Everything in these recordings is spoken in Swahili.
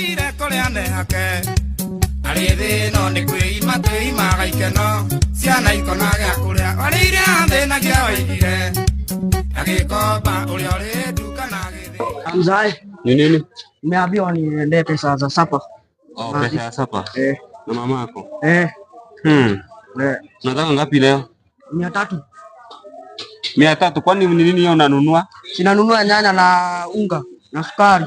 ire kore ane hake Ari edhe no nĩ kwĩima twĩimaga ikeno ciana no Si ana iko athĩnagia oigire agĩkomba ũrĩa ire nduka na Ake duka agĩthĩ mzae ni nini ni niendee pesa za sapa oh, pesa ya sapa eh. eh. na mama ako? eh. hmm. eh. Nataka ngapi leo mia tatu mia tatu kwani ni nini hiyo unanunua sinanunua nyanya na unga na sukari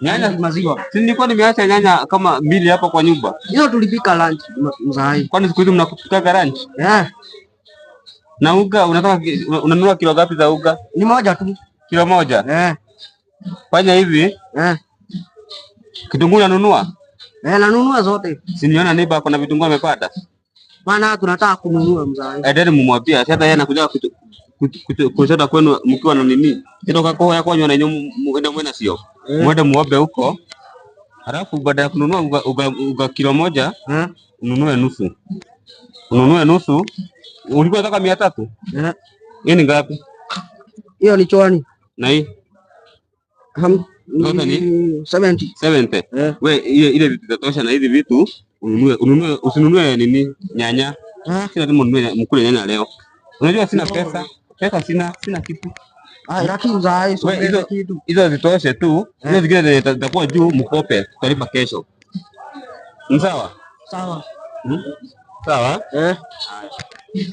nyanya maziwa. Si nilikuwa nimeacha nyanya kama mbili hapa kwa nyumba. Hiyo tulipika lunch mzai. Kwani siku hizi mnakupika lunch? Eh. Na uga unataka unanunua kilo gapi za uga? Ni moja tu. Kilo moja. Eh. Fanya hivi. Eh. Kitunguu unanunua? Eh, yeah, nanunua zote. Si niona neba kuna vitunguu amepata. Maana tunataka kununua mzai. Eh, Endeni mumwapia. Sasa yeye anakuja kuchota kwenu mkiwa na nini kitoka kwa ya kwanyu na mwenda mwena sio eh. mwenda muombe huko halafu baada ya kununua uga, uga, uga kilo moja hmm? ununue nusu ununue nusu ulikuwa nataka mia tatu hmm? hiyo ngapi hiyo ni chwani na hii Ham... Seventy. Seventy. Eh. We, ile ile vitu zitatosha na hizi vitu ununue, ununue usinunue nini nyanya. Ah, kila mtu mnunue mkule nyanya leo. Unajua sina pesa pesa sina, ah, sina kitu hizo zitoshe tu, eh. hizo zingine zitakuwa juu, mkope, tutalipa kesho. Ni sawa sawa hmm? sawa. Eh.